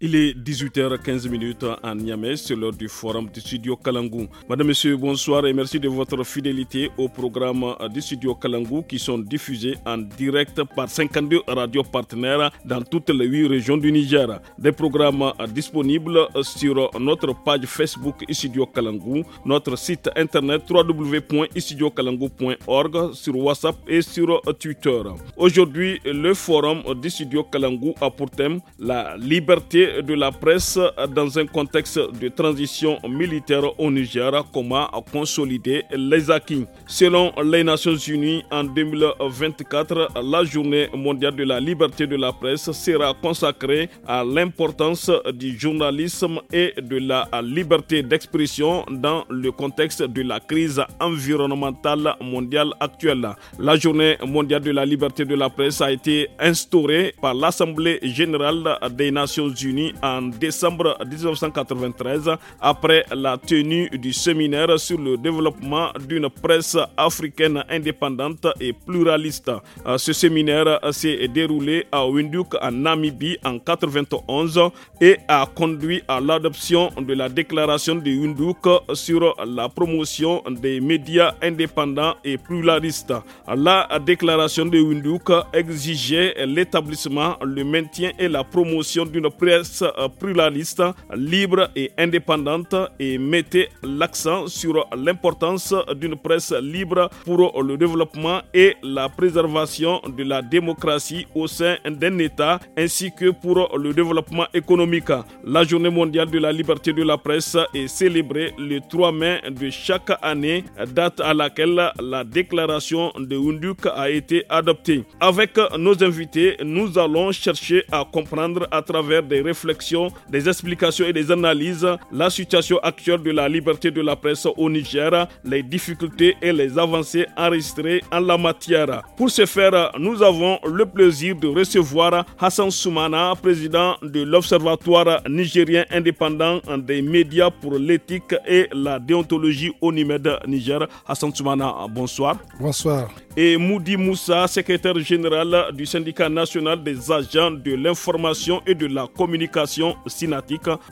Il est 18h15 en Niamey, c'est l'heure du forum du studio Kalangou. Madame, Monsieur, bonsoir et merci de votre fidélité au programme du studio Kalangou qui sont diffusés en direct par 52 radios partenaires dans toutes les 8 régions du Niger. Des programmes disponibles sur notre page Facebook Studio Kalangou, notre site internet www.istudiokalangou.org, sur WhatsApp et sur Twitter. Aujourd'hui, le forum du studio Kalangou a pour thème la liberté de la presse dans un contexte de transition militaire au Niger, comment consolider les acquis. Selon les Nations Unies, en 2024, la journée mondiale de la liberté de la presse sera consacrée à l'importance du journalisme et de la liberté d'expression dans le contexte de la crise environnementale mondiale actuelle. La journée mondiale de la liberté de la presse a été instaurée par l'Assemblée générale des Nations Unies en décembre 1993 après la tenue du séminaire sur le développement d'une presse africaine indépendante et pluraliste. Euh, ce séminaire s'est déroulé à Windhoek en Namibie en 1991 et a conduit à l'adoption de la déclaration de Windhoek sur la promotion des médias indépendants et pluralistes. La déclaration de Windhoek exigeait l'établissement, le maintien et la promotion d'une presse pluraliste, euh, libre et indépendante et mettez l'accent sur l'importance d'une presse libre pour le développement et la préservation de la démocratie au sein d'un État ainsi que pour le développement économique. La journée mondiale de la liberté de la presse est célébrée le 3 mai de chaque année, date à laquelle la déclaration de Hunduk a été adoptée. Avec nos invités, nous allons chercher à comprendre à travers des réflexions des explications et des analyses, la situation actuelle de la liberté de la presse au Niger, les difficultés et les avancées enregistrées en la matière. Pour ce faire, nous avons le plaisir de recevoir Hassan Soumana, président de l'Observatoire nigérien indépendant des médias pour l'éthique et la déontologie au NIMED Niger. Hassan Soumana, bonsoir. Bonsoir. Et Moudi Moussa, secrétaire général du syndicat national des agents de l'information et de la communication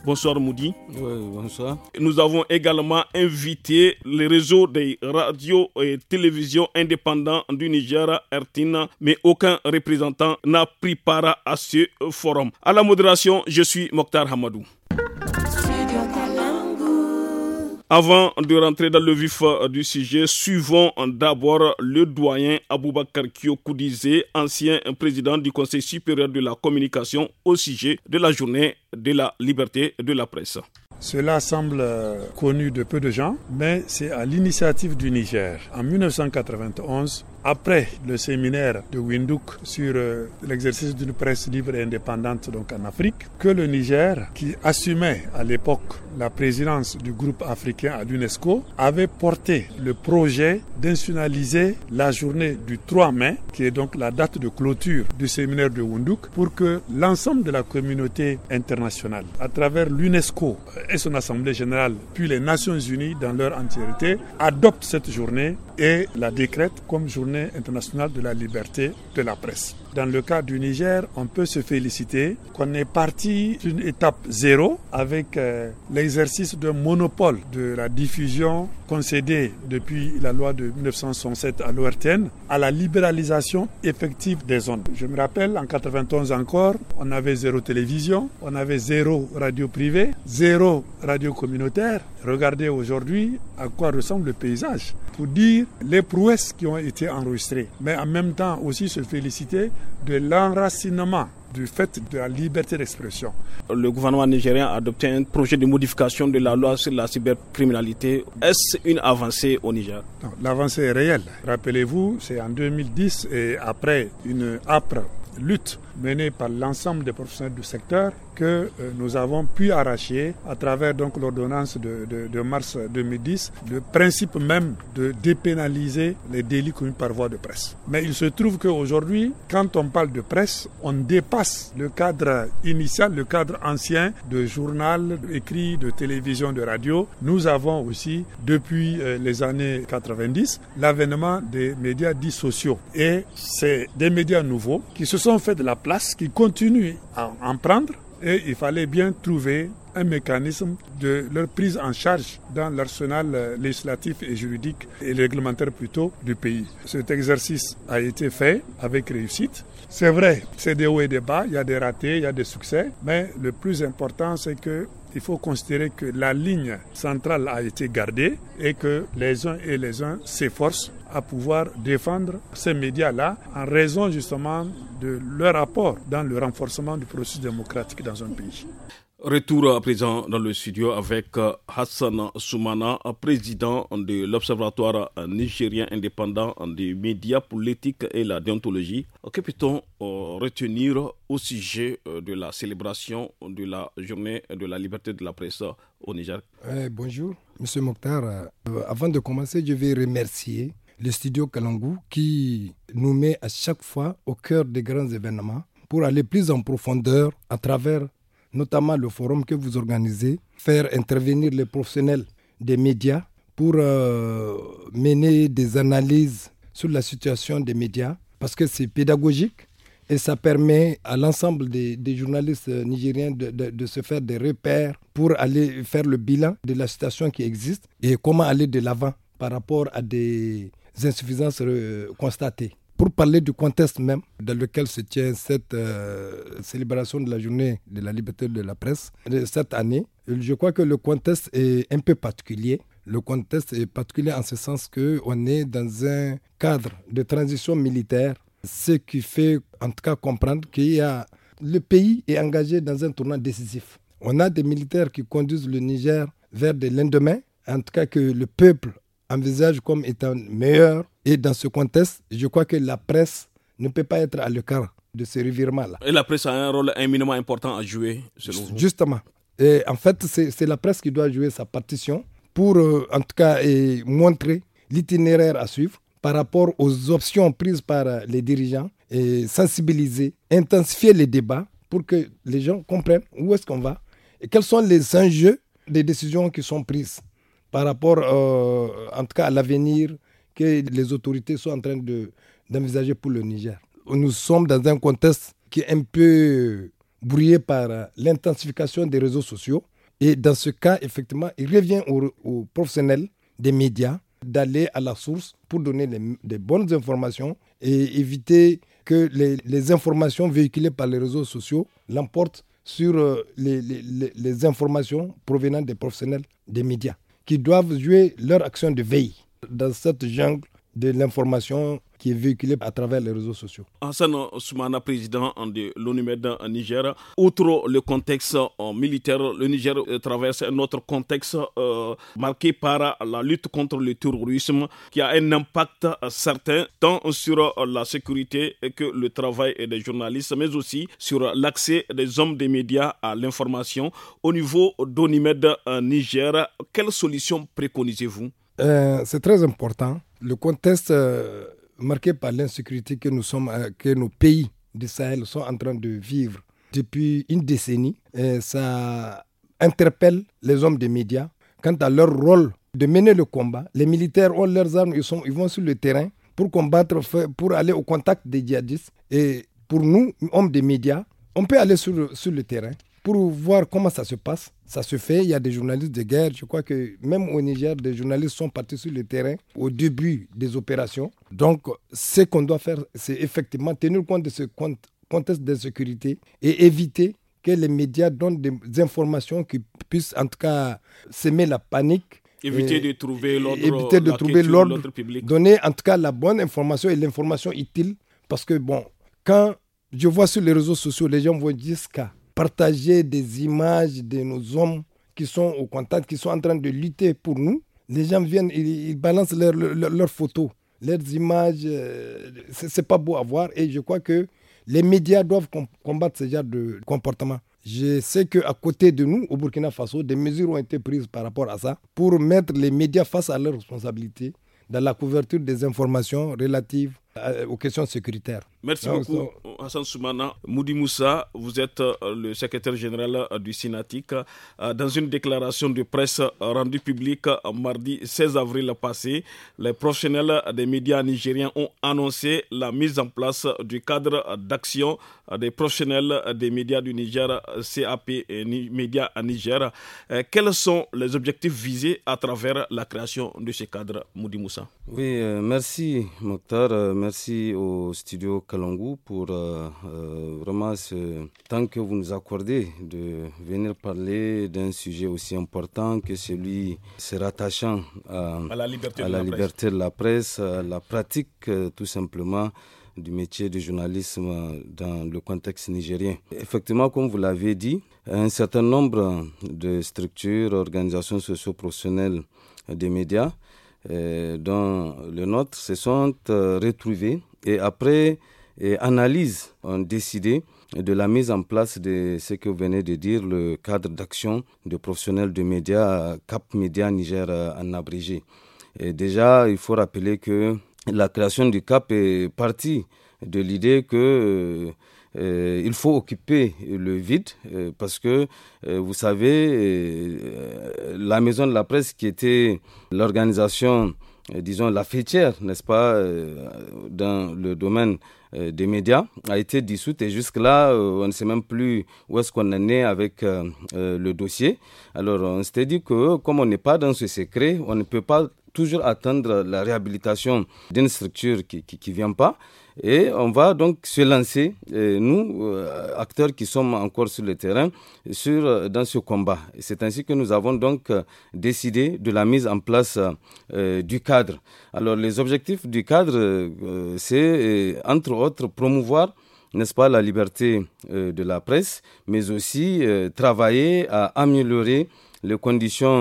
Bonsoir Moudi. bonsoir. Nous avons également invité le réseau des radios et télévisions indépendants du Niger, Ertina, mais aucun représentant n'a pris part à ce forum. À la modération, je suis Mokhtar Hamadou. Avant de rentrer dans le vif euh, du sujet, suivons d'abord le doyen Aboubakar Kyokoudizé, ancien président du Conseil supérieur de la communication au sujet de la journée de la liberté de la presse. Cela semble euh, connu de peu de gens, mais c'est à l'initiative du Niger. En 1991, après le séminaire de Windhoek sur euh, l'exercice d'une presse libre et indépendante donc en Afrique, que le Niger, qui assumait à l'époque la présidence du groupe africain à l'UNESCO, avait porté le projet d'institutionaliser la journée du 3 mai, qui est donc la date de clôture du séminaire de Windhoek, pour que l'ensemble de la communauté internationale, à travers l'UNESCO et son Assemblée générale, puis les Nations unies dans leur entièreté, adopte cette journée et la décrète comme journée international internationale de la liberté de la presse. Dans le cas du Niger, on peut se féliciter qu'on est parti d'une étape zéro avec euh, l'exercice d'un monopole de la diffusion concédée depuis la loi de 1967 à l'ORTN à la libéralisation effective des zones. Je me rappelle, en 91 encore, on avait zéro télévision, on avait zéro radio privée, zéro radio communautaire. Regardez aujourd'hui à quoi ressemble le paysage pour dire les prouesses qui ont été enregistrées. Mais en même temps aussi se féliciter de l'enracinement du fait de la liberté d'expression. Le gouvernement nigérien a adopté un projet de modification de la loi sur la cybercriminalité. Est-ce une avancée au Niger L'avancée est réelle. Rappelez-vous, c'est en 2010 et après une âpre lutte menée par l'ensemble des professionnels du secteur que euh, nous avons pu arracher à travers donc l'ordonnance de, mars 2010 le principe même de dépénaliser les délits commis par voie de presse. Mais il se trouve qu'aujourd'hui, quand on parle de presse, on dépasse le cadre initial, le cadre ancien de journal écrit, de télévision, de radio. Nous avons aussi, depuis euh, les années 90, l'avènement des médias dits sociaux. Et c'est des médias nouveaux qui se sont fait de la qui continue à en prendre et il fallait bien trouver un mécanisme de leur prise en charge dans l'arsenal euh, législatif et juridique et réglementaire plutôt du pays. Cet exercice a été fait avec réussite. C'est vrai, c'est des hauts et des bas, il y a des ratés, il y a des succès, mais le plus important c'est que il faut considérer que la ligne centrale a été gardée et que les uns et les uns s'efforcent à pouvoir défendre ces médias-là en raison justement de leur apport dans le renforcement du processus démocratique dans un pays. Retour à présent dans le studio avec euh, Hassan Soumana, président de l'Observatoire nigérien indépendant des médias politiques et la déontologie. Que peut-on euh, retenir au sujet euh, de la célébration de la journée de la liberté de la presse au Niger eh, Bonjour, Monsieur Mokhtar. avant de commencer, je vais remercier le studio Kalangu qui nous met à chaque fois au cœur des grands événements pour aller plus en profondeur à travers notamment le forum que vous organisez, faire intervenir les professionnels des médias pour euh, mener des analyses sur la situation des médias, parce que c'est pédagogique et ça permet à l'ensemble des, journalistes nigériens de, se faire des repères pour aller faire le bilan de la situation qui existe et comment aller de l'avant par rapport à des insuffisances euh, constatées pour parler du contexte même dans lequel se tient cette euh, célébration de la journée de la liberté de la presse de cette année, je crois que le contexte est un peu particulier. Le contexte est particulier en ce sens qu'on est dans un cadre de transition militaire, ce qui fait en tout cas comprendre que le pays est engagé dans un tournant décisif. On a des militaires qui conduisent le Niger vers de lendemain, en tout cas que le peuple envisage comme étant meilleur. Et dans ce contexte, je crois que la presse ne peut pas être à l'écart de ce revirement-là. Et la presse a un rôle éminemment important à jouer, Justement. Et en fait, c'est la presse qui doit jouer sa partition pour, euh, en tout cas, et montrer l'itinéraire à suivre par rapport aux options prises par euh, les dirigeants et sensibiliser, intensifier les débats pour que les gens comprennent où est-ce qu'on va et quels sont les enjeux des décisions qui sont prises par rapport, euh, en tout cas, à l'avenir que les autorités sont en train d'envisager pour le Niger. Nous sommes dans un contexte qui est un peu brouillé par l'intensification des réseaux sociaux. Et dans ce cas, effectivement, il revient aux, professionnels des médias d'aller à la source pour donner des bonnes informations et éviter que les, informations véhiculées par les réseaux sociaux l'emportent sur euh, les informations provenant des professionnels des médias qui doivent jouer leur action de veille dans cette jungle de l'information qui est véhiculé à travers les réseaux sociaux. Hassan Soumana, président de l'ONUMED en Niger. Outre le contexte euh, militaire, le Niger euh, traverse un autre contexte euh, marqué par la lutte contre le terrorisme qui a un impact certain tant sur la sécurité que le travail des journalistes, mais aussi sur l'accès des hommes des médias à l'information. Au niveau d'ONIMED en Niger, quelles solutions préconisez-vous C'est très important. Le contexte Marqué par l'insécurité que nous sommes, euh, que nos pays du Sahel sont en train de vivre depuis une décennie, ça interpelle les hommes des médias quant à leur rôle de mener le combat. Les militaires ont leurs armes, ils, sont, ils vont sur le terrain pour combattre, pour aller au contact des djihadistes. Et pour nous, hommes des médias, on peut aller sur, sur le terrain, pour voir comment ça se passe. Ça se fait, il y a des journalistes de guerre. Je crois que même au Niger, des journalistes sont partis sur le terrain au début des opérations. Donc, ce qu'on doit faire, c'est effectivement tenir compte de ce contexte d'insécurité et éviter que les médias donnent des informations qui puissent en tout cas semer la panique Éviter de trouver l'ordre. Éviter de trouver l'ordre public. Donner en tout cas la bonne information et l'information utile. Parce que bon, quand je vois sur les réseaux sociaux, les gens vont dire ce jusqu'à partager des images de nos hommes qui sont au contact, qui sont en train de lutter pour nous. Les gens viennent, ils, balancent leurs photos, leurs images. Euh, ce c'est pas beau à voir et je crois que les médias doivent combattre ce genre de comportement. Je sais qu'à côté de nous, au Burkina Faso, des mesures ont été prises par rapport à ça pour mettre les médias face à leurs responsabilités dans la couverture des informations relatives euh, aux questions sécuritaires. Merci ah, beaucoup, Hassan Soumana. Moudi Moussa, vous êtes euh, le secrétaire général euh, du Sinatic. Euh, dans une déclaration de presse rendue publique mardi 16 avril passé, les professionnels des médias nigériens ont annoncé la mise en place du cadre d'action des professionnels des médias du Niger, CAP et Média Niger. Quels sont les objectifs visés à travers la création de ce cadre, Moudi Moussa Oui, merci Mokhtar. Merci au studio Kalangou pour euh, euh, vraiment ce temps que vous nous accordez de venir parler d'un sujet aussi important que celui se rattachant à, la liberté, de, la, presse, à la pratique euh, tout simplement du métier de journalisme dans le contexte nigérien. Effectivement, comme vous l'avez dit, un certain nombre de structures, organisations socio-professionnelles des médias, dont le nôtre, se sont retrouvés et après et analyse ont décidé de la mise en place de ce que vous venez de dire, le cadre d'action de professionnels de médias Cap Média Niger euh, en abrégé. Et déjà, il faut rappeler que la création du CAP est partie de l'idée que euh, euh, il faut occuper le vide parce que vous savez la maison de la presse qui était l'organisation disons la fêtière n'est-ce pas dans le domaine euh, des médias a été dissoute et jusque-là, euh, on ne sait même plus où est-ce qu'on en est avec euh, le dossier. Alors, on s'était dit que comme on n'est pas dans ce secret, on ne peut pas toujours attendre la réhabilitation d'une structure qui ne vient pas. Et on va donc se lancer, euh, nous, euh, acteurs qui sommes encore sur le terrain, sur, euh, dans ce combat. C'est ainsi que nous avons donc décidé de la mise en place du cadre. Alors les objectifs du cadre, c'est entre autres promouvoir n'est-ce pas, la liberté de la presse, mais aussi travailler à améliorer les conditions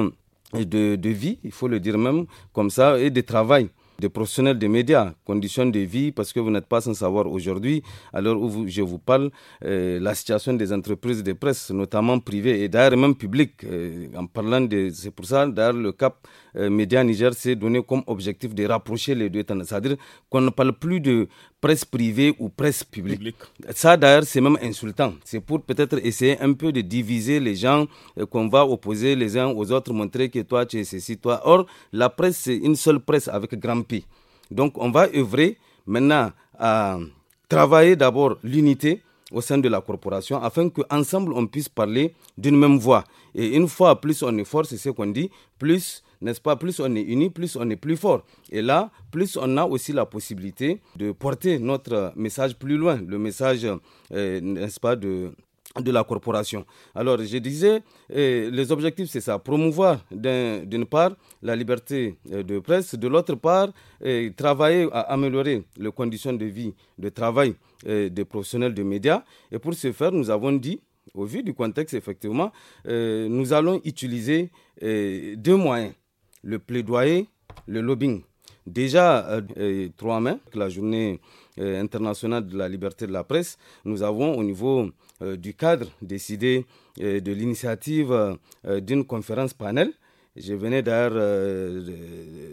de, de vie, il faut le dire même comme ça, et de travail des professionnels des médias, conditions de vie, parce que vous n'êtes pas sans savoir aujourd'hui, à l'heure où je vous parle, euh, la situation des entreprises de presse, notamment privées et d'ailleurs même publiques. Euh, en parlant de, c'est pour ça, d'ailleurs, le Cap euh, Média Niger s'est donné comme objectif de rapprocher les deux États c'est-à-dire qu'on ne parle plus de presse privée ou presse publique. Ça d'ailleurs c'est même insultant. C'est pour peut-être essayer un peu de diviser les gens euh, qu'on va opposer les uns aux autres, montrer que toi tu es ceci, toi. Or la presse c'est une seule presse avec grand P. Donc on va œuvrer maintenant à travailler d'abord l'unité au sein de la corporation afin qu'ensemble on puisse parler d'une même voix. Et une fois plus on est fort, c'est ce qu'on dit, plus n'est-ce pas Plus on est unis, plus on est plus fort. Et là, plus on a aussi la possibilité de porter notre message plus loin, le message, euh, n'est-ce pas, de, de la corporation. Alors, je disais, euh, les objectifs, c'est ça, promouvoir d'une part la liberté euh, de presse, de l'autre part, travailler à améliorer les conditions de vie, de travail des professionnels de médias. Et pour ce faire, nous avons dit, au vu du contexte, effectivement, nous allons utiliser deux moyens le plaidoyer, le lobbying. Déjà, euh, euh, trois mains. mai, la journée euh, internationale de la liberté de la presse, nous avons au niveau du cadre décidé de l'initiative d'une conférence panel. Je venais d'ailleurs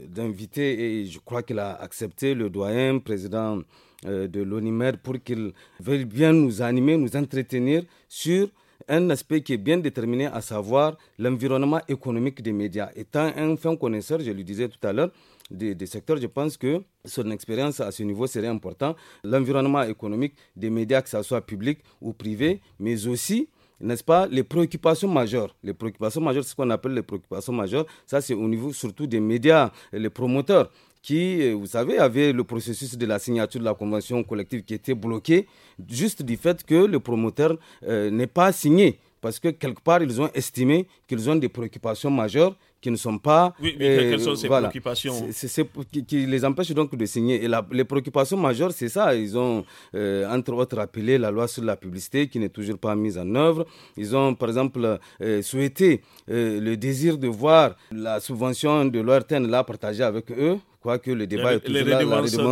d'inviter et je crois qu'il a accepté le doyen, président de l'ONIMER, pour qu'il veuille bien nous animer, nous entretenir sur un aspect qui est bien déterminé, à savoir l'environnement économique des médias. Étant un fin connaisseur, je le disais tout à l'heure, des, secteurs, je pense que son expérience à ce niveau serait importante. L'environnement économique des médias, que ce soit public ou privé, mais aussi n'est-ce pas, les préoccupations majeures. Les préoccupations majeures, c'est ce qu'on appelle les préoccupations majeures, ça c'est au niveau surtout des médias, les promoteurs qui, euh, vous savez, avait le processus de la signature de la convention collective qui était bloqué juste du fait que le promoteur euh, n'est pas signé. Parce que quelque part, ils ont estimé qu'ils ont des préoccupations majeures qui ne sont pas. Oui, mais quelles euh, sont ces préoccupations C'est qui, les empêche donc de signer. Et les préoccupations majeures, c'est ça. Ils ont, euh, entre autres, appelé la loi sur la publicité qui n'est toujours pas mise en œuvre. Ils ont, par exemple, euh, souhaité le désir de voir la subvention de l'ORTN là partagée avec eux quoique le débat est toujours là,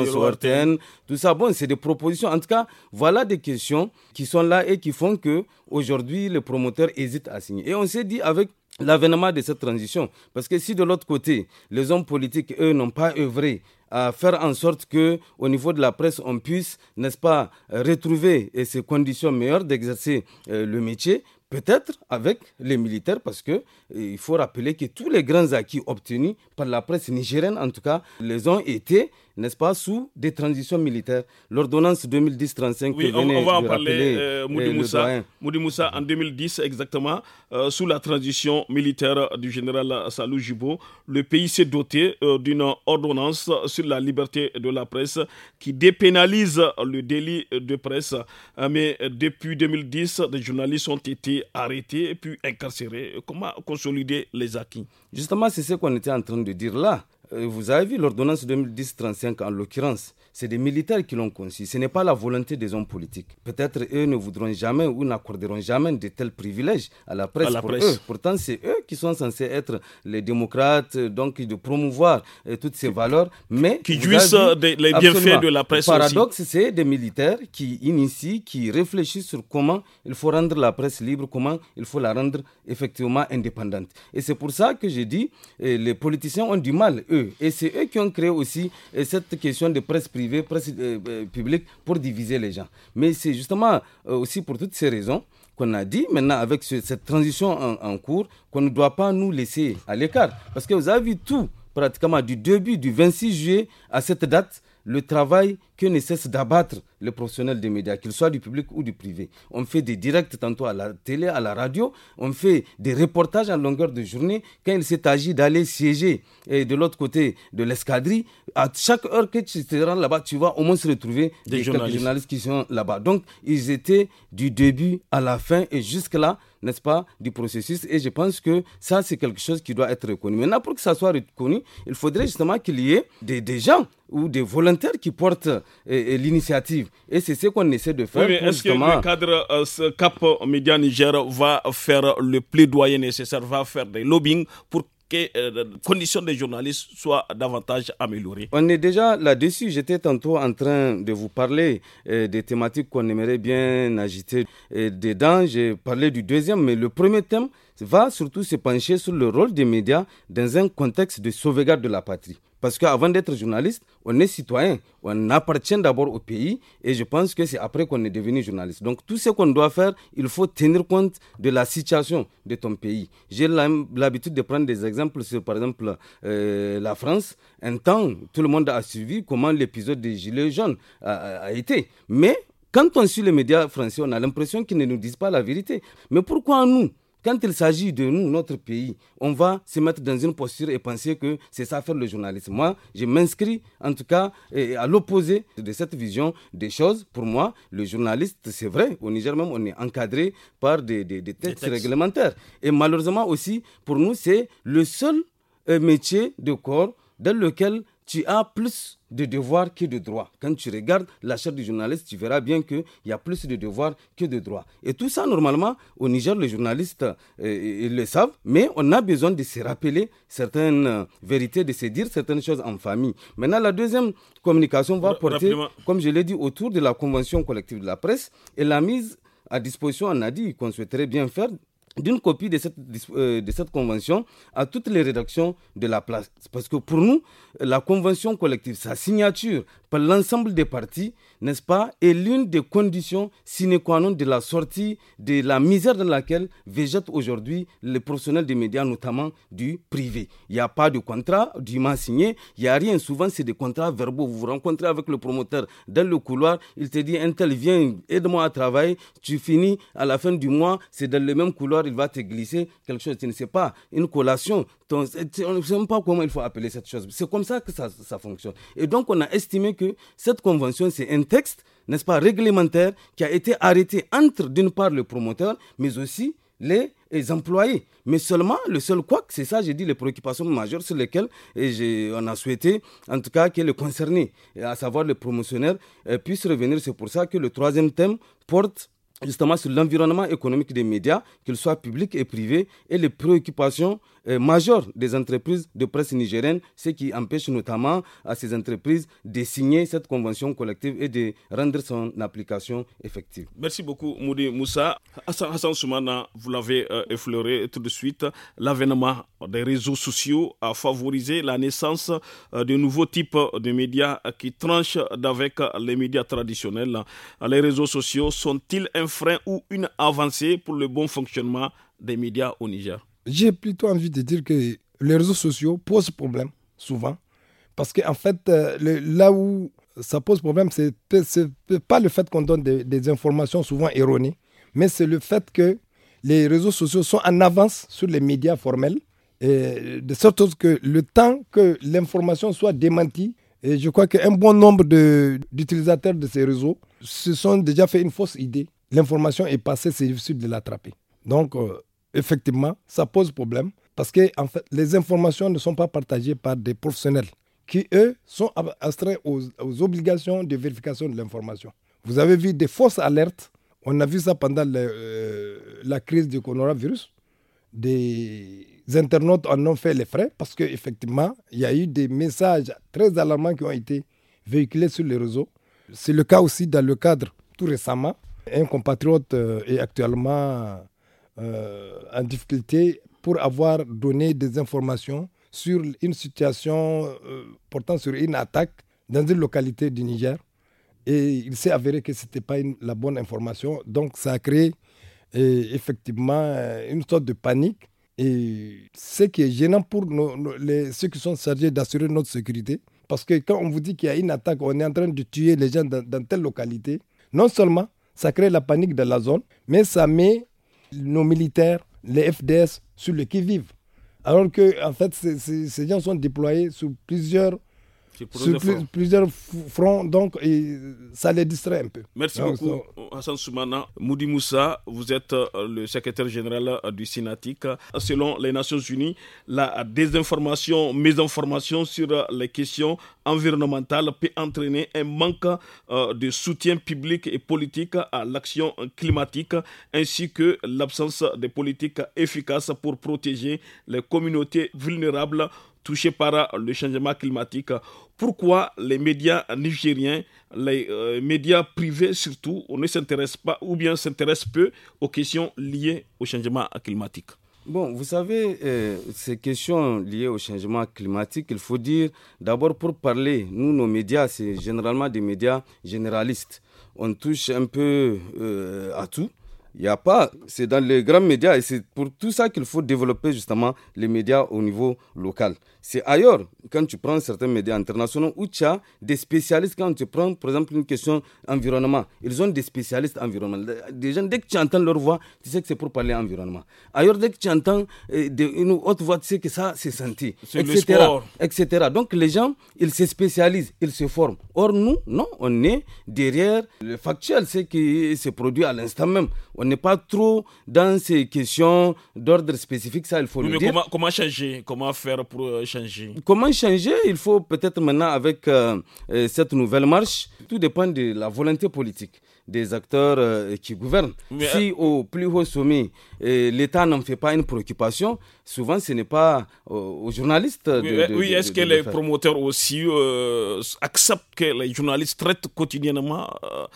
la ORTN, tout ça. Bon, c'est des propositions. En tout cas, voilà des questions qui sont là et qui font que aujourd'hui les promoteurs hésitent à signer. Et on s'est dit avec l'avènement de cette transition. Parce que si de l'autre côté, les hommes politiques, eux, n'ont pas œuvré à faire en sorte que, au niveau de la presse, on puisse, n'est-ce pas, retrouver ces conditions meilleures d'exercer euh, le métier, peut-être avec les militaires, parce que euh, il faut rappeler que tous les grands acquis obtenus par la presse nigérienne, en tout cas, les ont été n'est-ce pas, sous des transitions militaires. L'ordonnance 2010-35 oui, on, va en parler, euh, euh Moussa, Moussa, en 2010 exactement, euh, sous la transition militaire du général Salou Jibo, le pays s'est doté euh, d'une ordonnance sur la liberté de la presse qui dépénalise le délit de presse. mais depuis 2010, des journalistes ont été arrêtés et puis incarcérés. Comment consolider les acquis Justement, c'est ce qu'on était en train de dire là. Euh, vous avez vu l'ordonnance 2010-35 en l'occurrence c'est des militaires qui l'ont conçu. Ce n'est pas la volonté des hommes politiques. Peut-être eux ne voudront jamais ou n'accorderont jamais de tels privilèges à la presse. pour Eux. Pourtant, c'est eux qui sont censés être les démocrates, donc de promouvoir euh, toutes ces valeurs. Mais qui jouissent les bienfaits de la presse. Le paradoxe, c'est des militaires qui initient, qui réfléchissent sur comment il faut rendre la presse libre, comment il faut la rendre effectivement indépendante. Et c'est pour ça que j'ai dit, euh, les politiciens ont du mal, eux. Et c'est eux qui ont créé aussi euh, cette question de presse privée, euh, euh, pour diviser les gens. Mais c'est justement euh, aussi pour toutes ces raisons qu'on a dit maintenant avec cette transition en, en cours qu'on ne doit pas nous laisser à l'écart. Parce que vous avez vu tout, pratiquement du début du 26 juillet à cette date, le travail que ne cesse d'abattre les professionnels des médias, qu'ils soient du public ou du privé. On fait des directs tantôt à la télé, à la radio, on fait des reportages en longueur de journée. Quand il s'est d'aller siéger et eh, de l'autre côté de l'escadrille, à chaque heure que tu te rends là-bas, tu vas au moins se retrouver des, journalistes qui sont là-bas. Donc, ils étaient du début à la fin et jusque-là, n'est-ce pas, du processus. Et je pense que ça, c'est quelque chose qui doit être reconnu. Maintenant, pour que ça soit reconnu, il faudrait justement qu'il y ait des, gens ou des volontaires qui portent euh, euh, l'initiative. Et c'est ce qu'on essaie de faire. Est-ce que le cadre euh, ce Cap Média Niger va faire le plaidoyer nécessaire, va faire des lobbying pour que euh, les conditions des journalistes soient davantage améliorées. On est déjà là-dessus. J'étais tantôt en train de vous parler euh, des thématiques qu'on aimerait bien agiter Et dedans. J'ai parlé du deuxième, mais le premier thème va surtout se pencher sur le rôle des médias dans un contexte de sauvegarde de la patrie. Parce qu'avant d'être journaliste, on est citoyen, on appartient d'abord au pays et je pense que c'est après qu'on est devenu journaliste. Donc tout ce qu'on doit faire, il faut tenir compte de la situation de ton pays. J'ai l'habitude de prendre des exemples sur, par exemple, euh, la France. Un temps, tout le monde a suivi comment l'épisode des Gilets jaunes a été. Mais quand on suit les médias français, on a l'impression qu'ils ne nous disent pas la vérité. Mais pourquoi nous quand il s'agit de nous, notre pays, on va se mettre dans une posture et penser que c'est ça faire le journalisme. Moi, je m'inscris en tout cas à l'opposé de cette vision des choses. Pour moi, le journaliste, c'est vrai, au Niger même, on est encadré par des, des textes réglementaires. Et malheureusement aussi, pour nous, c'est le seul euh, métier de corps dans lequel tu as plus de devoirs que de droits. Quand tu regardes la charte du journaliste, tu verras bien qu'il y a plus de devoirs que de droits. Et tout ça, normalement, au Niger, les journalistes euh, le savent, mais on a besoin de se rappeler certaines euh, vérités, de se dire certaines choses en famille. Maintenant, la deuxième communication va porter, comme je l'ai dit, autour de la convention collective de la presse et la mise à disposition, on a dit qu'on souhaiterait bien faire d'une copie euh, de cette, convention à toutes les rédactions de la place. Parce que pour nous, la convention collective, sa signature par l'ensemble des partis, n'est-ce pas Et l'une des conditions sine qua non de la sortie de la misère dans laquelle végètent aujourd'hui les professionnels des médias, notamment du privé. Il n'y a pas de contrat dûment signé, il n'y a rien. Souvent, c'est des contrats verbaux. Vous vous rencontrez avec le promoteur dans le couloir, il te dit, un viens, aide-moi à travailler, tu finis à la fin du mois, c'est dans le même couloir, il va te glisser quelque chose, tu ne sais pas, une collation. on ne sait même pas comment il faut appeler cette chose. C'est comme ça que ça, ça fonctionne. Et donc, on a estimé que cette convention, c'est un texte, n'est-ce pas, réglementaire qui a été arrêté entre, d'une part, le promoteur, mais aussi les, employés. Mais seulement, le seul quoi, c'est ça, j'ai dit, les préoccupations majeures sur lesquelles et on a souhaité, en tout cas, que le concernés à savoir le promotionnaire, euh, puisse revenir. C'est pour ça que le troisième thème porte justement sur l'environnement économique des médias, qu'ils soient publics et privés, et les préoccupations euh, majeures des entreprises de presse nigériennes, ce qui empêche notamment à ces entreprises de signer cette convention collective et de rendre son application effective. Merci beaucoup, Moudi Moussa. Hassan, Soumana, vous l'avez euh, effleuré tout de suite, l'avènement des réseaux sociaux a favorisé la naissance euh, de nouveaux types de médias qui tranchent avec les médias traditionnels. Les réseaux sociaux sont-ils frein ou une avancée pour le bon fonctionnement des médias au Niger J'ai plutôt envie de dire que les réseaux sociaux posent problème, souvent, parce qu'en fait, euh, là où ça pose problème, n'est pas le fait qu'on donne des, informations souvent erronées, mais c'est le fait que les réseaux sociaux sont en avance sur les médias formels, et de sorte que le temps que l'information soit démentie, et je crois qu'un bon nombre d'utilisateurs de, ces réseaux se sont déjà fait une fausse idée l'information est passée, c'est difficile de l'attraper. Donc, euh, effectivement, ça pose problème parce que en fait, les informations ne sont pas partagées par des professionnels qui, eux, sont astreints aux, obligations de vérification de l'information. Vous avez vu des fausses alertes. On a vu ça pendant euh, la crise du coronavirus. Des internautes en ont fait les frais parce qu'effectivement, il y a eu des messages très alarmants qui ont été véhiculés sur les réseaux. C'est le cas aussi dans le cadre tout récemment un compatriote euh, est actuellement euh, en difficulté pour avoir donné des informations sur une situation euh, portant sur une attaque dans une localité du Niger. Et il s'est avéré que ce n'était pas la bonne information. Donc ça a créé effectivement une sorte de panique. Et ce qui est gênant pour les, ceux qui sont chargés d'assurer notre sécurité, parce que quand on vous dit qu'il y a une attaque, on est en train de tuer les gens dans, dans telle localité, non seulement ça crée la panique dans la zone, mais ça met nos militaires, les FDS, sur le qui-vive. Alors que, en fait, ces, ces gens sont déployés sur plusieurs sur plusieurs fronts, donc ça les distrait un peu. Merci beaucoup, Hassan Soumana. Moudi Moussa, vous êtes euh, le secrétaire général euh, du Sinatic. Selon les Nations Unies, la désinformation, mésinformation sur euh, les questions environnementales peut entraîner un manque de soutien public et politique à l'action climatique, ainsi que l'absence de politiques efficaces pour protéger les communautés vulnérables touchés par euh, le changement climatique. Pourquoi les médias nigériens, les euh, médias privés surtout, on ne s'intéresse pas ou bien s'intéresse peu aux questions liées au changement climatique Bon, vous savez, euh, ces questions liées au changement climatique, il faut dire, d'abord pour parler, nous, nos médias, c'est généralement des médias généralistes. On touche un peu à tout. Il n'y a pas, c'est dans les grands médias et c'est pour tout ça qu'il faut développer justement les médias au niveau local c'est ailleurs, quand tu prends certains médias internationaux, où tu as des spécialistes, quand tu prends, par exemple, une question environnement, ils ont des spécialistes environnement. Des gens, dès que tu entends leur voix, tu sais que c'est pour parler environnement. Ailleurs, dès que tu entends euh, une autre voix, tu sais que ça, c'est senti, etc., Donc, les gens, ils se spécialisent, ils se forment. Or, nous, non, on est derrière le factuel, ce qui se produit à l'instant même. On n'est pas trop dans ces questions d'ordre spécifique, ça, il faut le dire. Comment, comment changer Comment faire pour... Euh, Comment changer Il faut peut-être maintenant avec euh, euh, cette nouvelle marche, tout dépend de la volonté politique des acteurs euh, qui gouvernent. si au plus haut sommet, l'État n'en fait pas une préoccupation, souvent ce n'est pas aux journalistes. De, oui, est-ce que les promoteurs aussi acceptent que les journalistes traitent quotidiennement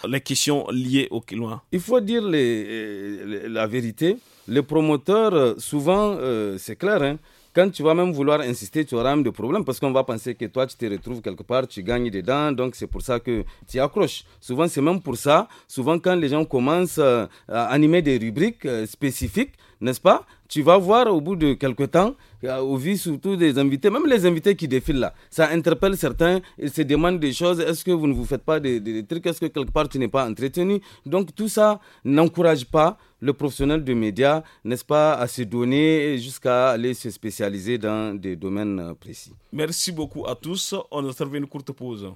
les questions liées au climat Il faut dire la vérité. Les promoteurs, souvent, c'est clair, hein, quand tu vas même vouloir insister, tu auras même des problèmes parce qu'on va penser que toi, tu te retrouves quelque part, tu gagnes dedans, donc c'est pour ça que tu accroches. Souvent, c'est même pour ça, souvent quand les gens commencent euh, à animer des rubriques euh, spécifiques, n'est-ce pas tu vas voir au bout de quelques temps, euh, au vu surtout des invités, même les invités qui défilent là, ça interpelle certains, ils se demandent des choses, est-ce que vous ne vous faites pas des, trucs, est-ce que quelque part tu n'es pas entretenu Donc tout ça n'encourage pas le professionnel de médias, n'est-ce pas, à se donner jusqu'à aller se spécialiser dans des domaines précis. Merci beaucoup à tous, on servi une courte pause.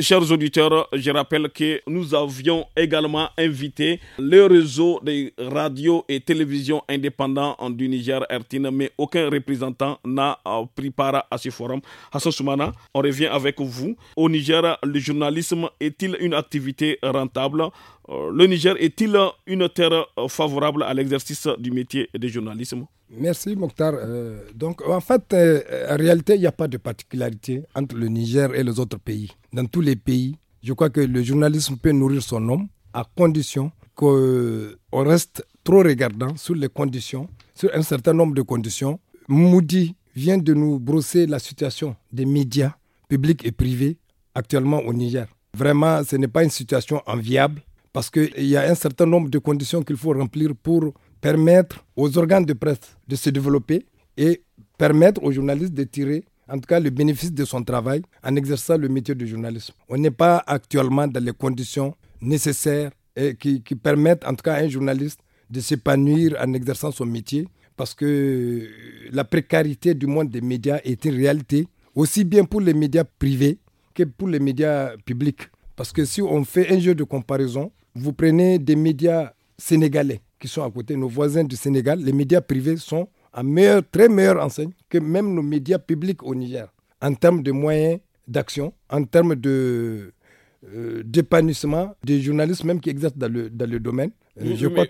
Chers auditeurs, je rappelle que nous avions également invité le réseau des radios et télévisions indépendants du Niger, RTN, mais aucun représentant n'a euh, pris part à ce forum. Hassan Soumana, on revient avec vous. Au Niger, le journalisme est-il une activité rentable euh, Le Niger est-il une terre euh, favorable à l'exercice du métier de journalisme Merci Mokhtar. Euh, donc en fait, euh, en réalité, il n'y a pas de particularité entre le Niger et les autres pays. Dans tous les pays, je crois que le journalisme peut nourrir son homme à condition qu'on reste trop regardant sur les conditions, sur un certain nombre de conditions. Moudi vient de nous brosser la situation des médias publics et privés actuellement au Niger. Vraiment, ce n'est pas une situation enviable parce qu'il y a un certain nombre de conditions qu'il faut remplir pour permettre aux organes de presse de se développer et permettre aux journalistes de tirer en tout cas le bénéfice de son travail en exerçant le métier de journalisme. On n'est pas actuellement dans les conditions nécessaires et qui, qui permettent en tout cas à un journaliste de s'épanouir en exerçant son métier parce que la précarité du monde des médias est une réalité aussi bien pour les médias privés que pour les médias publics. Parce que si on fait un jeu de comparaison, vous prenez des médias sénégalais qui sont à côté, nos voisins du Sénégal, les médias privés sont à meilleur, très meilleure enseigne que même nos médias publics au Niger, en termes de moyens d'action, en termes de euh, d'épanouissement des journalistes même qui exercent dans le, dans le domaine. Euh, je pas...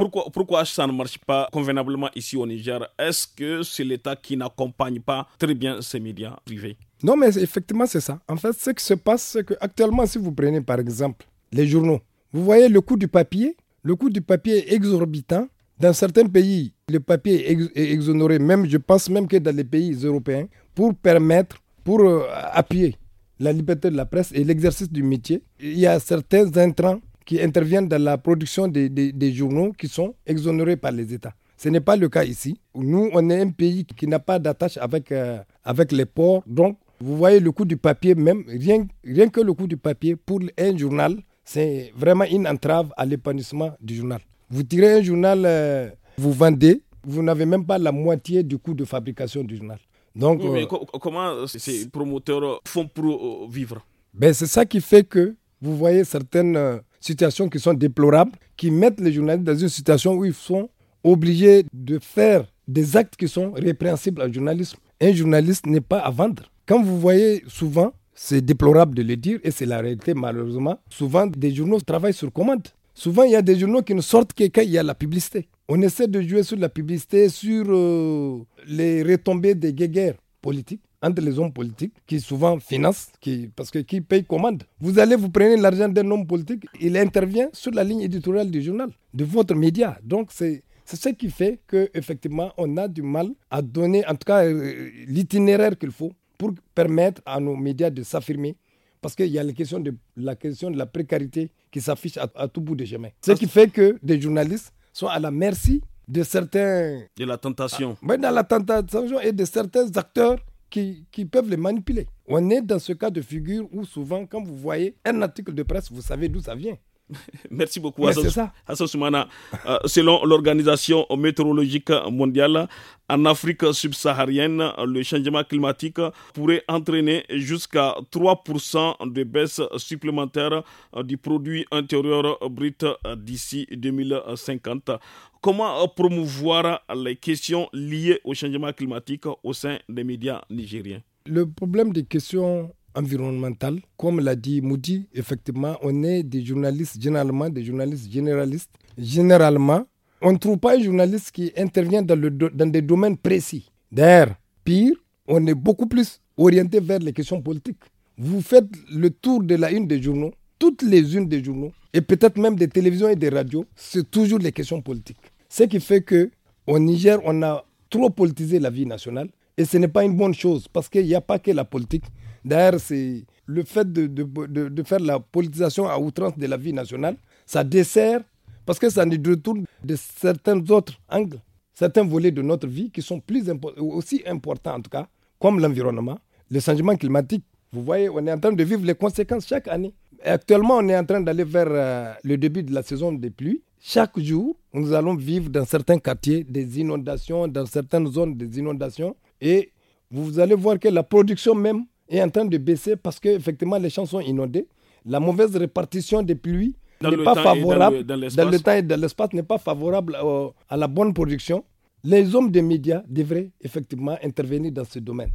Pourquoi, pourquoi ça ne marche pas convenablement ici au Niger Est-ce que c'est l'État qui n'accompagne pas très bien ces médias privés Non, mais effectivement, c'est ça. En fait, ce qui se passe, c'est qu'actuellement, si vous prenez par exemple les journaux, vous voyez le coût du papier le coût du papier est exorbitant. Dans certains pays, le papier est, exonéré, même, je pense même que dans les pays européens, pour permettre, pour euh, appuyer la liberté de la presse et l'exercice du métier. Il y a certains intrants qui interviennent dans la production des, journaux qui sont exonérés par les États. Ce n'est pas le cas ici. Nous, on est un pays qui n'a pas d'attache avec, euh, avec les ports. Donc, vous voyez le coût du papier même, rien, rien que le coût du papier pour un journal, c'est vraiment une entrave à l'épanouissement du journal. Vous tirez un journal, euh, vous vendez, vous n'avez même pas la moitié du coût de fabrication du journal. Donc, mais euh, comment ces promoteurs font pour euh, vivre ben C'est ça qui fait que vous voyez certaines situations qui sont déplorables, qui mettent les journalistes dans une situation où ils sont obligés de faire des actes qui sont répréhensibles au journalisme. Un journaliste n'est pas à vendre. Quand vous voyez souvent c'est déplorable de le dire et c'est la réalité malheureusement. Souvent, des journaux travaillent sur commande. Souvent, il y a des journaux qui ne sortent que quand il y a la publicité. On essaie de jouer sur la publicité, sur euh, les retombées des guerres politiques entre les hommes politiques qui souvent financent, qui, parce que qui paye commande. Vous allez vous prenez l'argent d'un homme politique, il intervient sur la ligne éditoriale du journal, de votre média. Donc c'est ce qui fait que effectivement on a du mal à donner, en tout cas euh, l'itinéraire qu'il faut pour permettre à nos médias de s'affirmer. Parce qu'il y a la question, de, la question de la précarité qui s'affiche à, tout bout de chemin. Ce qui fait que des journalistes sont à la merci de certains... De la tentation. mais ah, ben, dans la tentation et de certains acteurs qui, qui, peuvent les manipuler. On est dans ce cas de figure où souvent, quand vous voyez un article de presse, vous savez d'où ça vient. Merci beaucoup, Hassan Soumana. Euh, selon l'Organisation météorologique mondiale, en Afrique subsaharienne, le changement climatique pourrait entraîner jusqu'à 3% de baisse supplémentaire euh, du produit intérieur brut d'ici 2050. Comment euh, promouvoir les questions liées au changement climatique au sein des médias nigériens Le problème des questions environnemental, Comme l'a dit Moudi, effectivement, on est des journalistes, généralement des journalistes généralistes. Généralement, on ne trouve pas un journaliste qui intervient dans, le, dans des domaines précis. D'ailleurs, pire, on est beaucoup plus orienté vers les questions politiques. Vous faites le tour de la une des journaux, toutes les unes des journaux, et peut-être même des télévisions et des radios, c'est toujours les questions politiques. Ce qui fait que au Niger, on a trop politisé la vie nationale, et ce n'est pas une bonne chose, parce qu'il n'y a pas que la politique. D'ailleurs, c'est le fait de, de, de, faire la politisation à outrance de la vie nationale, ça dessert, parce que ça nous retourne de certains autres angles, certains volets de notre vie qui sont plus aussi importants en tout cas, comme l'environnement, le changement climatique. Vous voyez, on est en train de vivre les conséquences chaque année. Actuellement, on est en train d'aller vers euh, le début de la saison des pluies. Chaque jour, nous allons vivre dans certains quartiers des inondations, dans certaines zones des inondations. Et vous allez voir que la production même est en train de baisser parce effectivement les champs sont inondés. La mauvaise répartition des pluies n'est pas favorable. Dans le, temps et dans l'espace n'est pas favorable euh, à la bonne production. Les hommes des médias devraient effectivement intervenir dans ce domaine.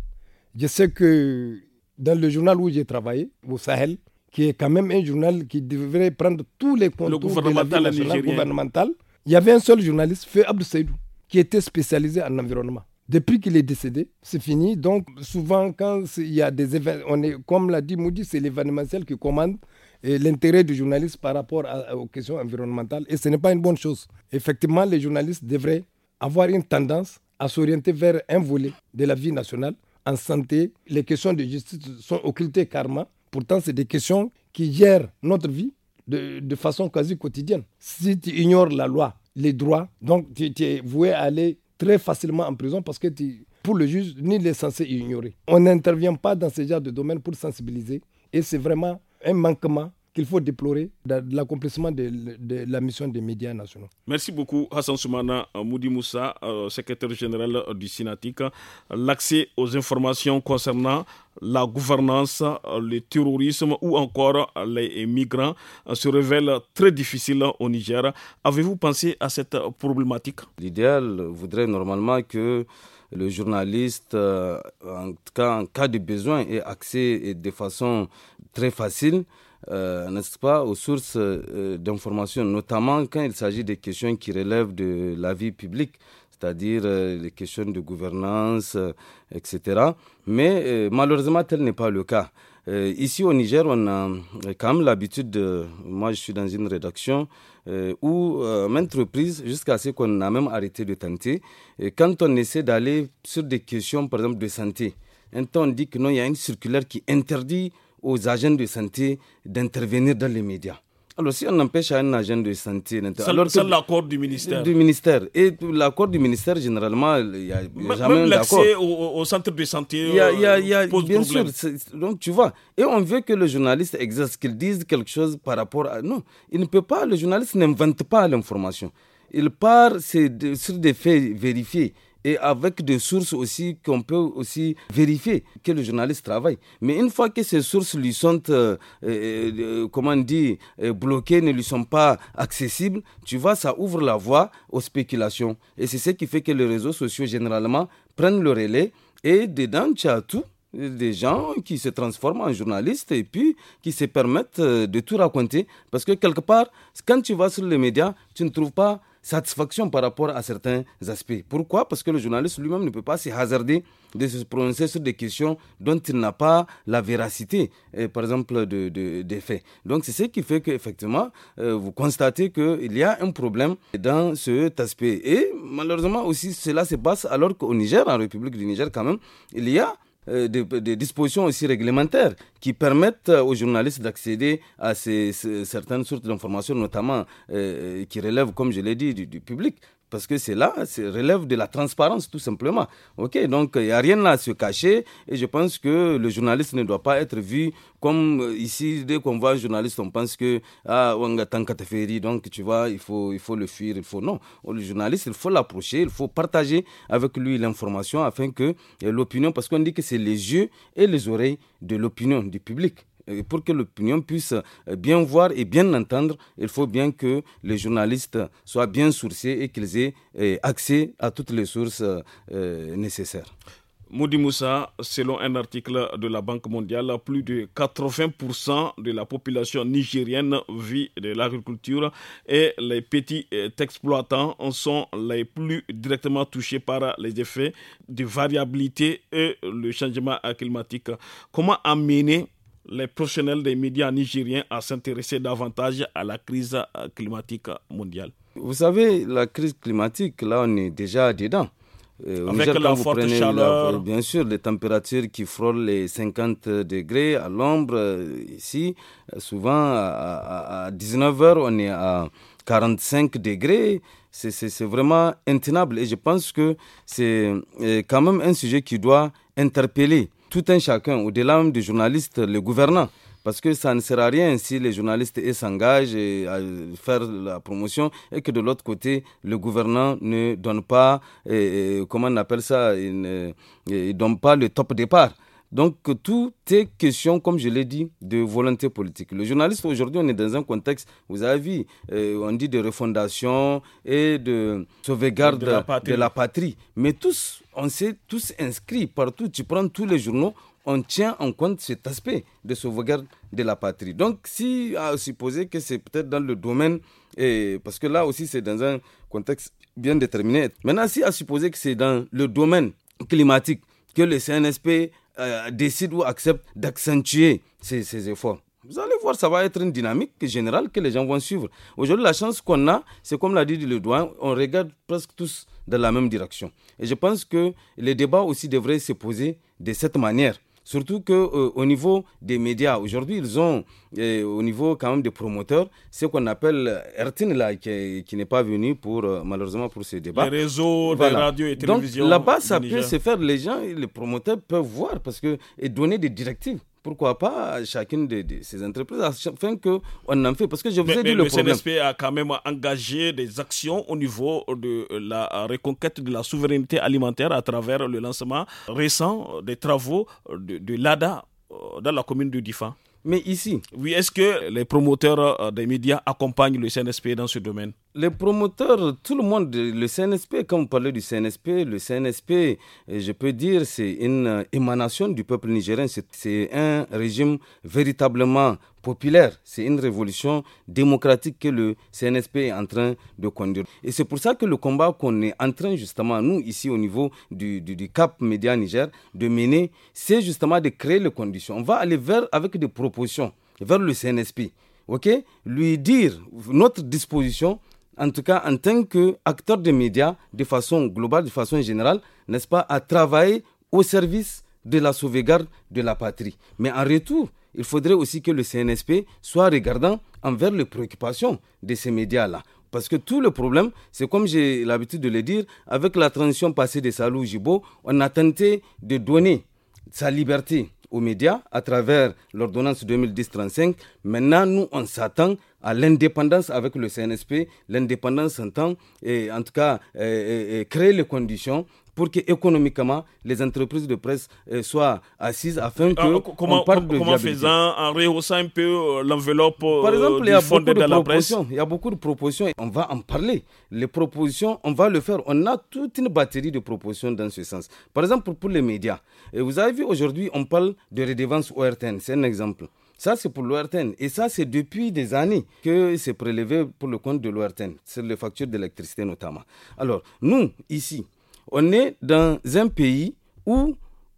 Je sais que dans le journal où j'ai travaillé, au Sahel, qui est quand même un journal qui devrait prendre tous les contours le gouvernemental, de la gouvernementale, il y avait un seul journaliste, Feu Abdou Saïdou, qui était spécialisé en environnement. Depuis qu'il est décédé, c'est fini. Donc, souvent, quand il y a des événements, comme l'a dit Moudi, c'est l'événementiel qui commande l'intérêt du journaliste par rapport aux questions environnementales. Et ce n'est pas une bonne chose. Effectivement, les journalistes devraient avoir une tendance à s'orienter vers un volet de la vie nationale. En santé, les questions de justice sont occultées karma. Pourtant, c'est des questions qui gèrent notre vie de, façon quasi quotidienne. Si tu ignores la loi, les droits, donc tu es voué à aller très facilement en prison parce que tu, pour le juge, il est censé ignorer. On n'intervient pas dans ce genre de domaine pour sensibiliser et c'est vraiment un manquement qu'il faut déplorer l'accomplissement de, la mission des médias nationaux. Merci beaucoup Hassan Soumana euh, Moudimoussa, Moussa, euh, secrétaire général euh, du Sinatic. L'accès aux informations concernant la gouvernance, le terrorisme ou encore les migrants se révèle très difficile au Niger. Avez-vous pensé à cette problématique L'idéal voudrait normalement que le journaliste, en cas de besoin, ait accès de façon très facile euh, n'est-ce pas, aux sources euh, d'informations, d'information, notamment quand il s'agit des questions qui relèvent de la vie publique, c'est-à-dire des euh, les questions de gouvernance, etc. Mais malheureusement, tel n'est pas le cas. ici au Niger, on a quand même l'habitude, de... moi je suis dans une rédaction, où même entreprise, jusqu'à ce qu'on a même arrêté de tenter, et quand on essaie d'aller sur des questions, par exemple, de santé, un temps on dit que non, il y a une circulaire qui interdit aux agents de santé d'intervenir dans les médias. Alors, si on empêche à un agent de santé d'intervenir. C'est l'accord du ministère. Du ministère. Et l'accord du ministère, généralement, il n'y a, y a jamais d'accord. Même l'accès au, centre de santé. Y a, y a, a euh, bien sûr. Donc, tu vois. Et on veut que le journaliste exerce, qu'il dise quelque chose par rapport à. Non, il ne peut pas. Le journaliste n'invente pas l'information. Il part sur des faits vérifiés et avec des sources aussi qu'on peut aussi vérifier que le journaliste travaille. Mais une fois que ces sources lui sont, euh, euh, euh, comment on dit, bloquées, ne lui sont pas accessibles, tu vois, ça ouvre la voie aux spéculations. Et c'est ce qui fait que les réseaux sociaux, généralement, prennent le relais et dedans, tu as tout des gens qui se transforment en journalistes et puis qui se permettent de tout raconter. Parce que quelque part, quand tu vas sur les médias, tu ne trouves pas satisfaction par rapport à certains aspects. Pourquoi Parce que le journaliste lui-même ne peut pas se hasarder de se prononcer sur des questions dont il n'a pas la véracité, euh, par exemple, de, de, des faits. Donc c'est ce qui fait qu'effectivement, effectivement euh, vous constatez qu'il y a un problème dans cet aspect. Et malheureusement aussi, cela se passe alors qu'au Niger, en République du Niger quand même, il y a euh, des, dispositions aussi réglementaires qui permettent aux journalistes d'accéder à ces, certaines sortes d'informations, notamment euh, euh, qui relèvent, comme je l'ai dit, du public. Parce que c'est là, c'est relève de la transparence tout simplement. Ok, donc il n'y a rien à se cacher et je pense que le journaliste ne doit pas être vu comme euh, ici, dès qu'on voit un journaliste, on pense que ah, donc tu vois, il faut, il faut le fuir, il faut non. Le journaliste, il faut l'approcher, il faut partager avec lui l'information afin que euh, l'opinion, parce qu'on dit que c'est les yeux et les oreilles de l'opinion du public. Euh, pour que l'opinion puisse euh, bien voir et bien entendre, il faut bien que les journalistes soient bien sourcés et qu'ils aient euh, accès à toutes les sources nécessaires. Moudi Moussa, selon un article de la Banque mondiale, plus de 80% de la population nigérienne vit de l'agriculture et les petits exploitants sont les plus directement touchés par les effets de variabilité et le changement climatique. Comment amener les professionnels des médias nigériens à s'intéresser davantage à la crise climatique mondiale Vous savez, la crise climatique, là, on est déjà dedans. Euh, Avec la forte chaleur. Euh, bien sûr, les températures qui frôlent les 50 degrés à l'ombre, euh, ici, souvent à, à 19h, on est à 45 degrés. C'est vraiment intenable et je pense que c'est quand même un sujet qui doit interpeller tout un chacun, au-delà même du journaliste, le gouvernant. Parce que ça ne sert à rien si les journalistes s'engagent à faire la promotion et que de l'autre côté, le gouvernant ne donne pas, comment on appelle ça, il ne donne pas le top départ. Donc tout est question, comme je l'ai dit, de volonté politique. Le journaliste aujourd'hui, on est dans un contexte, vous avez vu, euh, on dit de refondation et de sauvegarde de la, patrie. Mais tous, on s'est tous inscrits partout. Tu prends tous les journaux, on tient en compte cet aspect de sauvegarde de la patrie. Donc, si à supposer que c'est peut-être dans le domaine, parce que là aussi c'est dans un contexte bien déterminé. Maintenant, si à supposer que c'est dans le domaine climatique que le CNSP euh, décide ou accepte d'accentuer ces, efforts. Vous allez voir, ça va être une dynamique générale que les gens vont suivre. Aujourd'hui, la chance qu'on a, c'est comme l'a dit le douan, on regarde presque tous dans la même direction. Et je pense que les débats aussi devraient se poser de cette manière. Surtout que euh, au niveau des médias, aujourd'hui, ils ont, euh, au niveau quand même des promoteurs, ce qu'on appelle Ertin, qui, n'est pas venu pour, euh, malheureusement, pour ce débat. Les réseaux, les radios et télévisions. Donc là-bas, ça peut se faire, les gens, les promoteurs peuvent voir parce que, et donner des directives pourquoi pas chacune de, ces entreprises afin qu'on en fait. Parce que je vous ai dit le, problème. Le CNSP a quand même engagé des actions au niveau de la reconquête de la souveraineté alimentaire à travers le lancement récent des travaux de, de l'ADA euh, dans la commune de Difa. Mais ici. Oui, est-ce que les promoteurs euh, des médias accompagnent le CNSP dans ce domaine Les promoteurs, tout le monde, le CNSP, quand vous parlez du CNSP, le CNSP, euh, je peux dire, c'est une euh, émanation du peuple nigérien. C'est un régime véritablement populaire. C'est une révolution démocratique que le CNSP est en train de conduire. Et c'est pour ça que le combat qu'on est en train justement, nous, ici au niveau du, Cap Média Niger, de mener, c'est justement de créer les conditions. On va aller vers, avec des propositions, vers le CNSP. OK Lui dire notre disposition, en tout cas en tant qu'acteur des médias, de façon globale, de façon générale, n'est-ce pas, à travailler au service de la sauvegarde de la patrie. Mais en retour, il faudrait aussi que le CNSP soit regardant envers les préoccupations de ces médias-là. Parce que tout le problème, c'est comme j'ai l'habitude de le dire, avec la transition passée de Salou Jibo, on a tenté de donner sa liberté aux médias à travers l'ordonnance 2010-35. Maintenant, nous, on s'attend à l'indépendance avec le CNSP, l'indépendance en et en tout cas, euh, euh, euh, créer les conditions pour qu'économiquement, économiquement les entreprises de presse euh, soient assises afin que euh, on parle de comment en rehaussant un peu euh, l'enveloppe par exemple il y a beaucoup de, propositions il y a beaucoup de propositions on va en parler les propositions on va le faire on a toute une batterie de propositions dans ce sens par exemple pour les médias vous avez vu aujourd'hui on parle de redevance ORTN c'est un exemple ça, c'est pour l'ORTN. Et ça, c'est depuis des années que c'est prélevé pour le compte de l'ORTN, C'est les factures d'électricité notamment. Alors, nous, ici, on est dans un pays où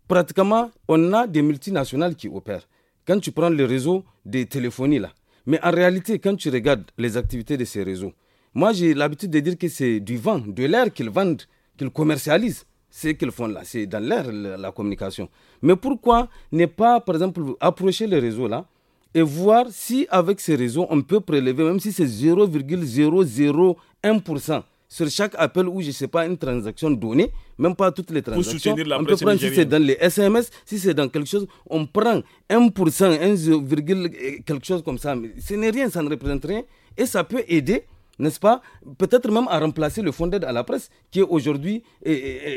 pratiquement on a des multinationales qui opèrent. Quand tu prends le réseau des téléphonies là, mais en réalité, quand tu regardes les activités de ces réseaux, moi j'ai l'habitude de dire que c'est du vent, de l'air qu'ils vendent, qu'ils commercialisent. C'est qu'ils font là, c'est dans l'air la communication. Mais pourquoi ne pas, par exemple, approcher les réseaux là et voir si avec ces réseaux on peut prélever, même si c'est 0,001% sur chaque appel ou je ne sais pas une transaction donnée, même pas toutes les transactions, on peut prendre si c'est dans les SMS, si c'est dans quelque chose, on prend 1%, 1, quelque chose comme ça. ce n'est rien, ça ne représente rien et ça peut aider n'est-ce pas Peut-être même à remplacer le fonds d'aide à la presse qui est aujourd'hui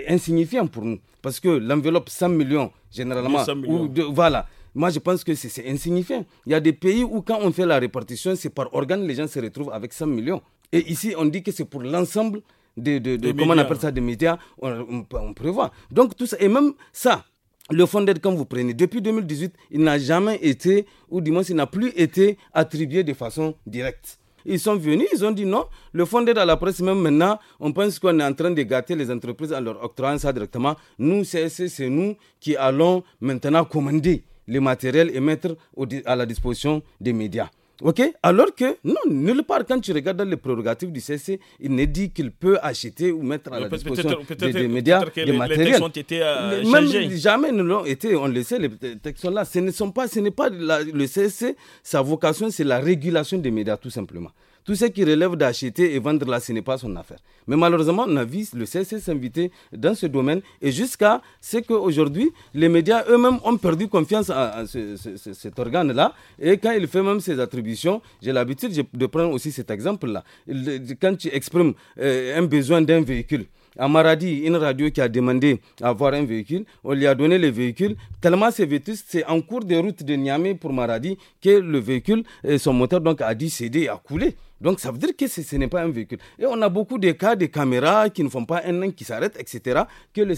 insignifiant pour nous. Parce que l'enveloppe 100 millions, généralement, 100 millions. voilà. Moi, je pense que c'est insignifiant. Il y a des pays où, quand on fait la répartition, c'est par organe, les gens se retrouvent avec 100 millions. Et ici, on dit que c'est pour l'ensemble de, comment on appelle ça, des médias, on, prévoit. Donc tout ça, et même ça, le fonds d'aide, quand vous prenez, depuis 2018, il n'a jamais été, ou du moins, il n'a plus été attribué de façon directe. Ils sont venus, ils ont dit non. Le fonds d'aide à la presse, même maintenant, on pense qu'on est en train de gâter les entreprises en leur octroyant ça directement. Nous, c'est nous qui allons maintenant commander le matériel et mettre à la disposition des médias ok Alors que, non, nulle part, quand tu regardes dans les prérogatives du CC, il n'est dit qu'il peut acheter ou mettre à la disposition peut des, médias, que des les, matériels. ont été euh, jamais nous l'ont été, on le sait, les textes sont là. Ce n'est pas, ce pas la, le CC, sa vocation, c'est la régulation des médias, tout simplement. Tout ce qui relève d'acheter et vendre là, ce n'est pas son affaire. Mais malheureusement, on a vu le CC s'inviter dans ce domaine et jusqu'à ce qu'aujourd'hui, les médias eux-mêmes ont perdu confiance à, cet organe-là. Et quand il fait même ses attributions, j'ai l'habitude de prendre aussi cet exemple-là. Quand tu exprimes euh, un besoin d'un véhicule, à Maradi, une radio qui a demandé à avoir un véhicule, on lui a donné le véhicule, tellement c'est vétuste, c'est en cours de route de Niamey pour Maradi que le véhicule, son moteur donc a dû céder, a coulé. Donc ça veut dire que ce, n'est pas un véhicule. Et on a beaucoup de cas de caméras qui ne font pas un an, qui s'arrêtent, etc. Que le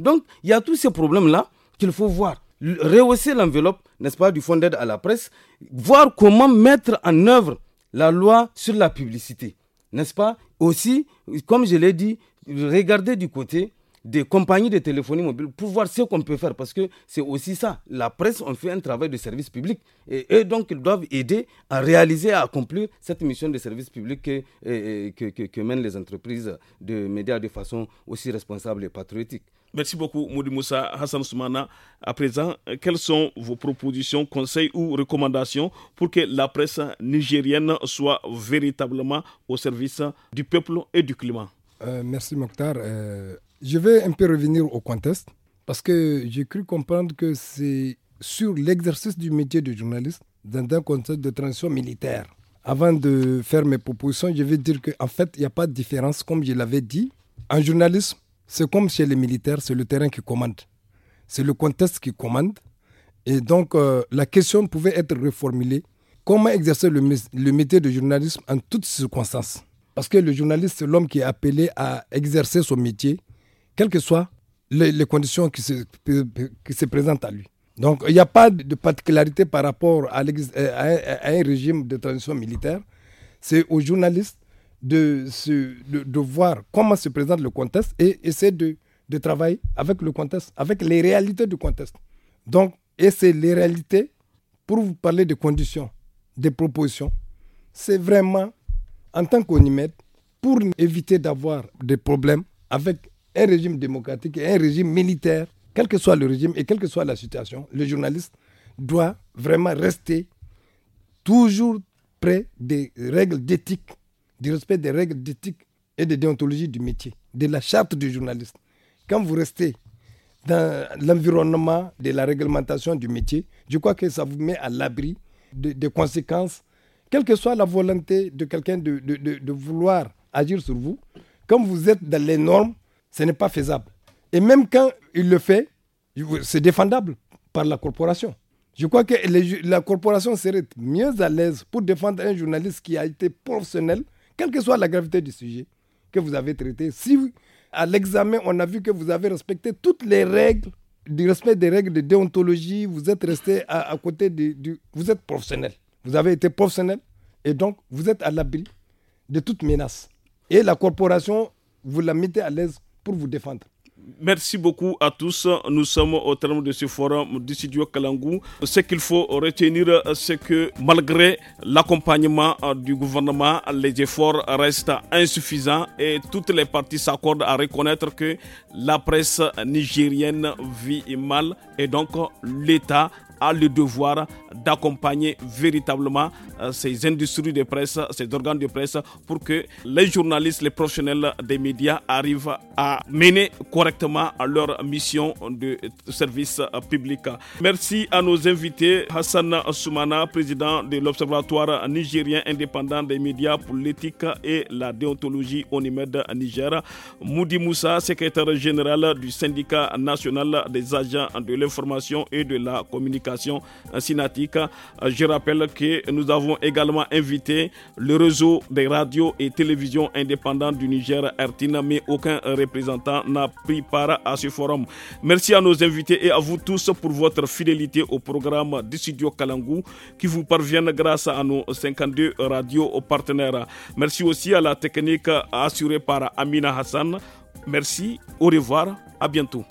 Donc il y a tous ces problèmes-là qu'il faut voir. Rehausser l'enveloppe, n'est-ce pas, du fond d'aide à la presse, voir comment mettre en œuvre la loi sur la publicité, n'est-ce pas Aussi, comme je l'ai dit, regarder du côté des compagnies de téléphonie mobile pour voir ce qu'on peut faire. Parce que c'est aussi ça. La presse, on fait un travail de service public. Et donc, ils doivent aider à réaliser, à accomplir cette mission de service public que, que, que, mènent les entreprises de médias de façon aussi responsable et patriotique. Merci beaucoup, Moudi Moussa Hassan Soumana. À présent, quelles sont vos propositions, conseils ou recommandations pour que la presse nigérienne soit véritablement au service du peuple et du climat euh, Merci, Mokhtar. Euh, je vais un peu revenir au contexte parce que j'ai cru comprendre que c'est sur l'exercice du métier de journaliste dans un contexte de transition militaire. Avant de faire mes propositions, je vais dire qu'en fait, il n'y a pas de différence, comme je l'avais dit. En journalisme, c'est comme chez les militaires, c'est le terrain qui commande. C'est le contexte qui commande. Et donc, euh, la question pouvait être reformulée. Comment exercer le, métier de journalisme en toutes circonstances Parce que le journaliste, c'est l'homme qui est appelé à exercer son métier quelles que soient les, conditions qui se, qui se présentent à lui. Donc, il n'y a pas de particularité par rapport euh, à, un, régime de transition militaire. C'est aux journalistes de, de, voir comment se présente le contexte et essayer de, de travailler avec le contexte, avec les réalités du contexte. Donc, essayer les réalités, pour vous parler des conditions, des propositions, c'est vraiment, en tant qu'onimètre, pour éviter d'avoir des problèmes avec un régime démocratique et un régime militaire, quel que soit le régime et quelle que soit la situation, le journaliste doit vraiment rester toujours près des règles d'éthique, du respect des règles d'éthique et de déontologie du métier, de la charte du journaliste. Quand vous restez dans l'environnement de la réglementation du métier, je crois que ça vous met à l'abri des de conséquences, quelle que soit la volonté de quelqu'un de, de, vouloir agir sur vous. Quand vous êtes dans les normes, ce n'est pas faisable. Et même quand il le fait, c'est défendable par la corporation. Je crois que la corporation serait mieux à l'aise pour défendre un journaliste qui a été professionnel, quelle que soit la gravité du sujet que vous avez traité. Si à l'examen, on a vu que vous avez respecté toutes les règles, du respect des règles de déontologie, vous êtes resté à, côté du, du... Vous êtes professionnel. Vous avez été professionnel et donc vous êtes à l'abri de toute menace. Et la corporation, vous la mettez à l'aise vous défendre. Merci beaucoup à tous. Nous sommes au terme de ce forum du studio Kalangou. Ce qu'il faut retenir, c'est que malgré l'accompagnement du gouvernement, les efforts restent insuffisants et toutes les parties s'accordent à reconnaître que la presse nigérienne vit mal et donc l'État a le devoir d'accompagner véritablement euh, ces industries de presse, ces organes de presse, pour que les journalistes, les professionnels des médias arrivent à mener correctement leur mission de service public. Merci à nos invités, Hassan Soumana, président de l'Observatoire nigérien indépendant des médias pour l'éthique et la déontologie ONIMED Niger, Moudi Moussa, secrétaire général du syndicat national des agents de l'information et de la communication communication euh, Je rappelle que nous avons également invité le réseau des radios et télévisions indépendantes du Niger, Artina, mais aucun représentant n'a pris part à ce forum. Merci à nos invités et à vous tous pour votre fidélité au programme du studio Kalangou qui vous parvient grâce à nos 52 radios partenaires. Merci aussi à la technique assurée par Amina Hassan. Merci, au revoir, à bientôt.